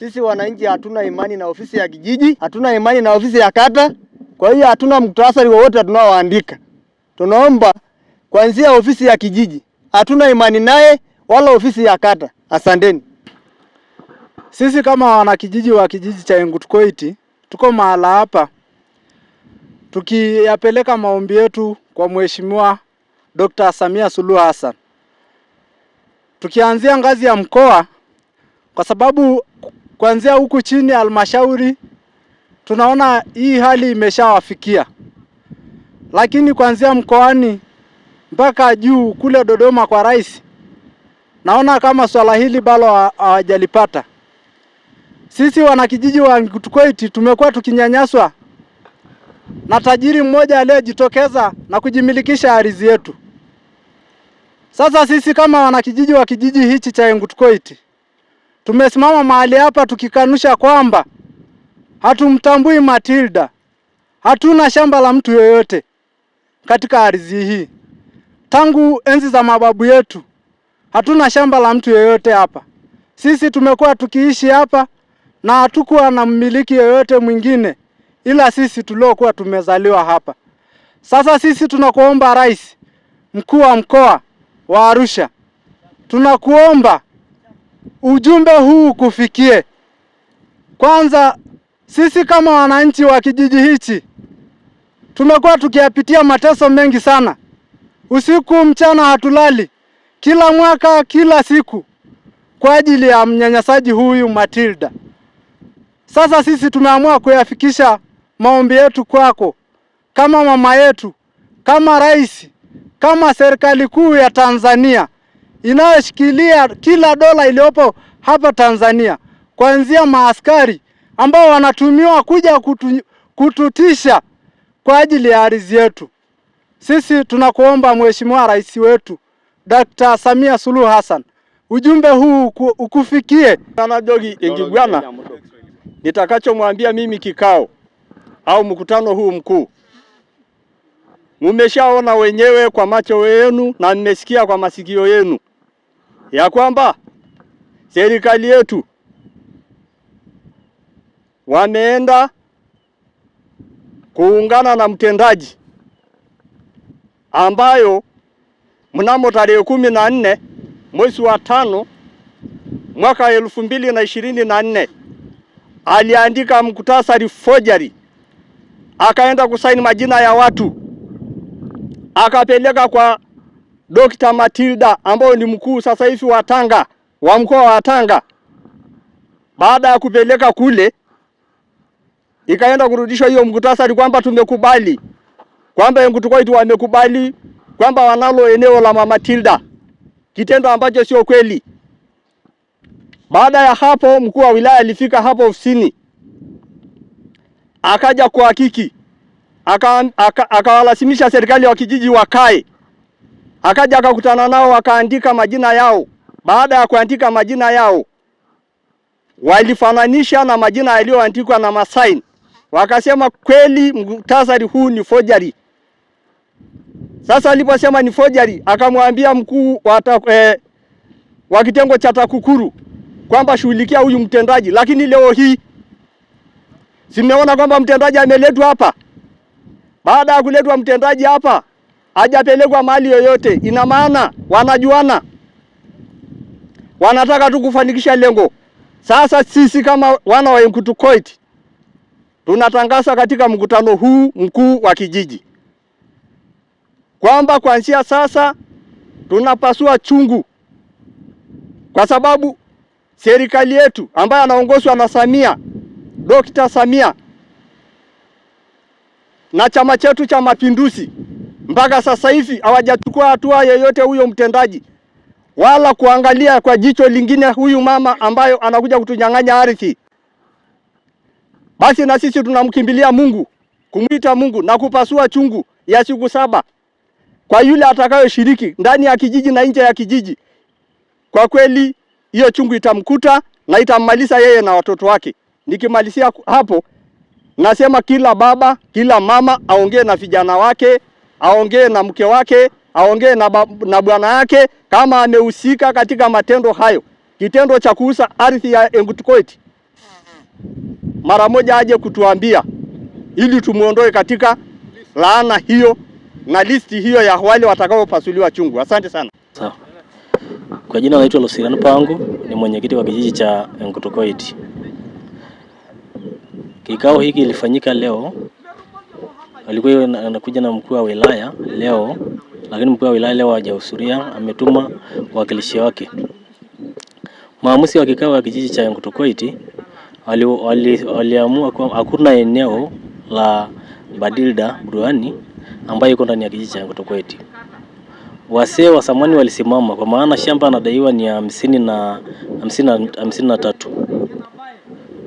Sisi wananchi hatuna imani na ofisi ya kijiji, hatuna imani na ofisi ya kata. Kwa hiyo hatuna mktasari wowote tunaoandika. Tunaomba kuanzia ofisi ya kijiji, hatuna imani naye wala ofisi ya kata. Asanteni. Sisi kama wanakijiji wa kijiji cha Engutukoiti tuko mahala hapa tukiyapeleka maombi yetu kwa Mheshimiwa Dr. Samia Suluhu Hassan, tukianzia ngazi ya mkoa kwa sababu kuanzia huku chini halmashauri tunaona hii hali imeshawafikia, lakini kuanzia mkoani mpaka juu kule Dodoma kwa rais, naona kama swala hili bado hawajalipata. Sisi wanakijiji wa Antukoiti tumekuwa tukinyanyaswa na tajiri mmoja aliyejitokeza na kujimilikisha ardhi yetu. Sasa sisi kama wanakijiji wa kijiji hichi cha Engutukoiti Tumesimama mahali hapa tukikanusha kwamba hatumtambui Matilda. Hatuna shamba la mtu yoyote katika ardhi hii. Tangu enzi za mababu yetu hatuna shamba la mtu yoyote hapa. Sisi tumekuwa tukiishi hapa na hatukuwa na mmiliki yoyote mwingine ila sisi tuliokuwa tumezaliwa hapa. Sasa sisi tunakuomba Rais, mkuu wa mkoa wa Arusha, tunakuomba ujumbe huu kufikie. Kwanza sisi kama wananchi wa kijiji hichi tumekuwa tukiyapitia mateso mengi sana, usiku mchana hatulali, kila mwaka, kila siku kwa ajili ya mnyanyasaji huyu Matilda. Sasa sisi tumeamua kuyafikisha maombi yetu kwako, kama mama yetu, kama rais, kama serikali kuu ya Tanzania inayoshikilia kila dola iliyopo hapa Tanzania, kuanzia maaskari ambao wanatumiwa kuja kutu, kututisha kwa ajili ya ardhi yetu. Sisi tunakuomba Mheshimiwa Rais wetu Dr. Samia Suluhu Hassan, ujumbe huu ukufikie. Na Jogi Ingigwana, nitakachomwambia mimi kikao au mkutano huu mkuu, mmeshaona wenyewe kwa macho yenu na mmesikia kwa masikio yenu ya kwamba serikali yetu wameenda kuungana na mtendaji ambayo mnamo tarehe kumi na nne mwezi wa tano mwaka elfu mbili na ishirini na nne aliandika mkutasari forgery, akaenda kusaini majina ya watu akapeleka kwa Dokta Matilda ambayo ni mkuu sasa hivi wa Tanga wa mkoa wa Tanga, baada ya kupeleka kule, ikaenda kurudishwa hiyo mkutasari kwamba tumekubali kwamba Engutukoit wamekubali kwamba wanalo eneo la Mama Tilda, kitendo ambacho sio kweli. Baada ya hapo, mkuu wa wilaya alifika hapo ofisini, akaja kuhakiki, akawalazimisha aka serikali wa kijiji wakae Akaja akakutana nao akaandika majina yao. Baada ya kuandika majina yao, walifananisha na majina yaliyoandikwa na masaini, wakasema kweli mtasari huu ni forgery. Sasa aliposema ni forgery, akamwambia mkuu wa eh, wa kitengo cha TAKUKURU kwamba shughulikia huyu mtendaji, lakini leo hii simeona kwamba mtendaji ameletwa hapa. Baada ya kuletwa mtendaji hapa hajapelekwa mali yoyote. Ina maana wanajuana, wanataka tu kufanikisha lengo. Sasa sisi kama wana wa Enkutukoit tunatangaza katika mkutano huu mkuu wa kijiji kwamba kuanzia sasa tunapasua chungu, kwa sababu serikali yetu ambayo anaongozwa na Samia, Dokta Samia na chama chetu cha Mapinduzi mpaka sasa hivi hawajachukua hatua yoyote huyo mtendaji, wala kuangalia kwa jicho lingine huyu mama ambayo anakuja kutunyang'anya ardhi. Basi na sisi tunamkimbilia Mungu, kumwita Mungu na kupasua chungu ya siku saba kwa yule atakayoshiriki ndani ya kijiji na nje ya kijiji. Kwa kweli hiyo chungu itamkuta na itammaliza yeye na watoto wake. Nikimalizia hapo, nasema kila baba, kila mama aongee na vijana wake aongee na mke wake, aongee na, na bwana yake kama amehusika katika matendo hayo, kitendo cha kuuza ardhi ya Engutukoit, mara moja aje kutuambia ili tumuondoe katika laana hiyo na listi hiyo ya wale watakaopasuliwa chungu. Asante sana. Sawa. Kwa jina naitwa Lusirian Pangu, ni mwenyekiti wa kijiji cha Engutukoit. Kikao hiki ilifanyika leo alikuwa anakuja na mkuu wa wilaya leo, lakini mkuu wa wilaya leo hajahudhuria, ametuma wawakilishi wake. Maamuzi wa kikao wa kijiji cha Engutukoit waliamua kuwa hakuna eneo la Badilda Buriani ambayo iko ndani ya kijiji cha Engutukoit. Wasee wa zamani walisimama, kwa maana shamba anadaiwa ni hamsini na hamsini na tatu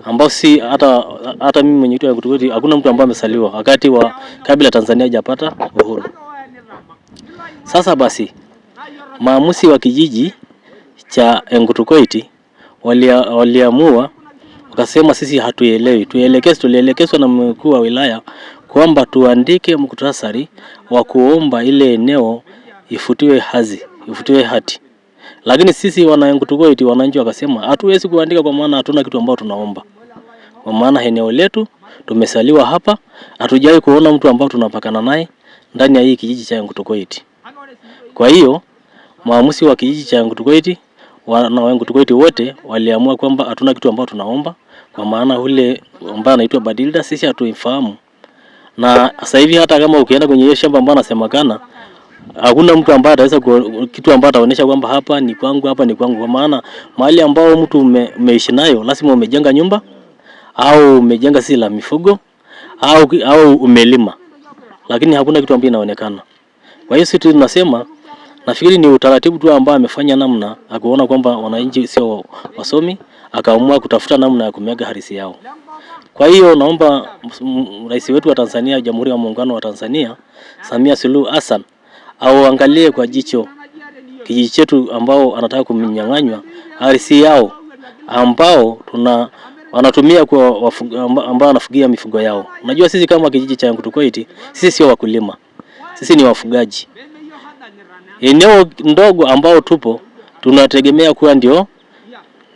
ambao si hata hata mimi mwenyewe wa Kitukuti, hakuna mtu ambaye amesaliwa wakati wa kabla Tanzania hajapata uhuru. Sasa basi maamuzi wa kijiji cha Engutukoiti waliamua wali wakasema, sisi hatuelewi, tuelekezwe tulielekezwa na mkuu wa wilaya kwamba tuandike muktasari wa kuomba ile eneo ifutiwe hazi ifutiwe hati lakini sisi wanangu Tugoiti, wananchi wakasema hatuwezi kuandika kwa maana hatuna kitu ambacho tunaomba, kwa maana eneo letu tumesaliwa hapa, hatujawahi kuona mtu ambao tunapakana naye ndani ya hii kijiji cha Yangutugoiti. Kwa hiyo maamuzi wa kijiji cha Yangutugoiti wana Yangutugoiti wote waliamua kwamba hatuna kitu ambacho tunaomba, kwa maana ule ambaye anaitwa Badilda sisi hatuifahamu, na sasa hivi hata kama ukienda kwenye hiyo shamba ambayo anasemakana Hakuna mtu ambaye ataweza kitu ambaye ataonyesha kwamba hapa ni kwangu, hapa ni kwangu, kwa maana mahali ambao mtu umeishi ume nayo lazima umejenga nyumba au umejenga si la mifugo au, au umelima, lakini hakuna kitu ambacho inaonekana. Kwa hiyo sisi tunasema nafikiri ni utaratibu tu ambao amefanya namna akuona kwamba wananchi sio wasomi, akaamua kutafuta namna ya kumega harisi yao. Kwa hiyo naomba rais wetu wa Tanzania, Jamhuri ya Muungano wa Tanzania, Samia Suluhu Hassan auangalie kwa jicho kijiji chetu ambao anataka kunyang'anywa ardhi yao ambao tuna wanatumia kwa wafuga, ambao wanafugia mifugo yao. Unajua sisi kama kijiji cha Nkutukoiti, sisi sio wakulima, sisi ni wafugaji. Eneo ndogo ambao tupo tunategemea kuwa ndio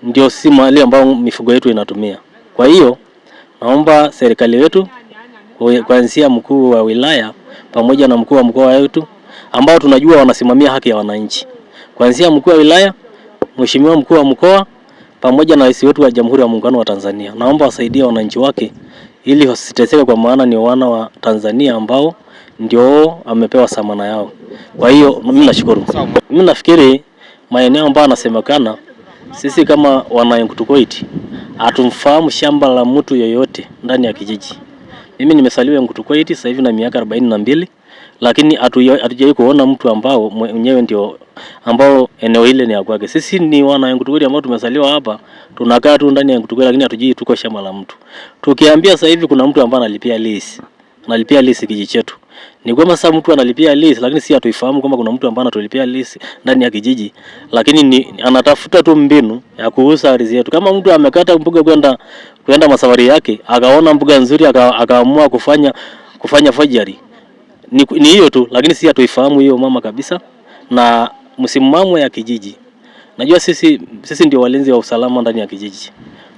ndio sisi mahali ambao mifugo yetu inatumia. Kwa hiyo naomba serikali yetu kuanzia mkuu wa wilaya pamoja na mkuu wa mkoa wetu ambao tunajua wanasimamia haki ya wananchi, kuanzia mkuu wa wilaya, mheshimiwa mkuu wa mkoa pamoja na rais wetu wa Jamhuri ya Muungano wa Tanzania. Naomba wasaidie wananchi wake ili wasiteseke, kwa maana ni wana wa Tanzania ambao ndio amepewa samana yao. Kwa hiyo mimi nashukuru. Mimi nafikiri maeneo ambayo anasemekana sisi kama wana Enkutukoit hatumfahamu shamba la mtu yoyote ndani ya kijiji. Mimi nimesaliwa Enkutukoit sasa hivi na miaka arobaini na mbili lakini hatujawai kuona mtu ambao mwenyewe ndio ambao eneo hili ni kwake. Sisi ni wana Engutukwiri ambao tumezaliwa hapa, tunakaa tu ndani ya Engutukwiri, lakini hatujui tuko shamba la mtu. Tukiambia sasa hivi kuna mtu ambaye analipia lease, analipia lease kijiji chetu, ni kwamba sasa mtu analipia lease, lakini si hatuifahamu kwamba kuna mtu ambaye anatulipia lease ndani ya kijiji, lakini ni, anatafuta tu mbinu ya kuuza ardhi yetu. Kama mtu amekata mbuga kwenda kwenda masafari yake, akaona mbuga nzuri, akaamua kufanya kufanya fajari ni hiyo tu, lakini si hatuifahamu hiyo mama kabisa. Na msimamo ya kijiji, najua sisi, sisi ndio walinzi wa usalama ndani ya kijiji,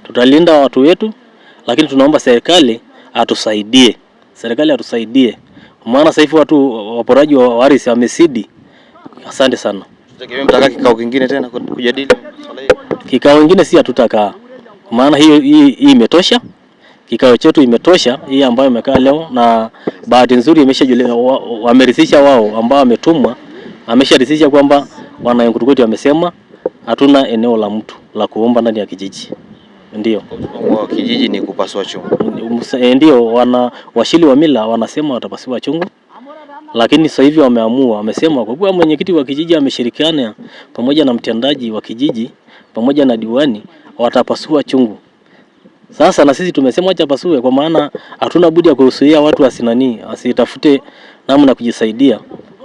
tutalinda watu wetu, lakini tunaomba serikali atusaidie, serikali atusaidie, maana sasa hivi watu waporaji wa waris wamesidi. Asante sana. kikao kingine tena kujadili kikao kingine, si hatutakaa, maana hiyo hii imetosha kikao chetu imetosha hii ambayo imekaa leo, na bahati nzuri wamerisisha wa wao ambao wametumwa, amesharithisha kwamba wana Enkutukoti wamesema hatuna eneo la mtu la kuomba ndani ya kijiji. Ndio kijiji ni kupasua chungu, eh, ndio wana washili wa mila wanasema watapasua chungu, lakini sasa hivi wameamua, wamesema kwa kuwa mwenyekiti wa kijiji ameshirikiana pamoja na mtendaji wa kijiji pamoja na diwani watapasua chungu. Sasa na sisi tumesema acha pasue, kwa maana hatuna budi ya kuruhusia watu wasinani wasitafute namna kujisaidia,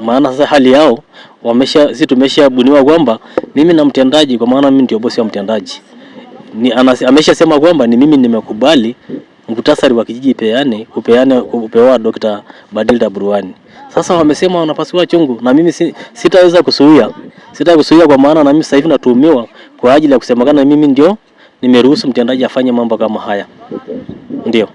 maana sasa hali yao wamesha, sisi tumeshabuniwa kwamba mimi na mtendaji, kwa maana mimi ndio bosi wa mtendaji ni ameshasema kwamba ni mimi nimekubali mkutasari wa kijiji peane kupeane kupewa Dr. Badilda Burwani. Sasa wamesema wanapasua chungu na mimi si, sitaweza kusuia sitaweza kusuia kwa maana na mimi sasa hivi natuhumiwa kwa ajili ya kusemekana mimi ndio nimeruhusu mtendaji afanye mambo kama haya, ndio.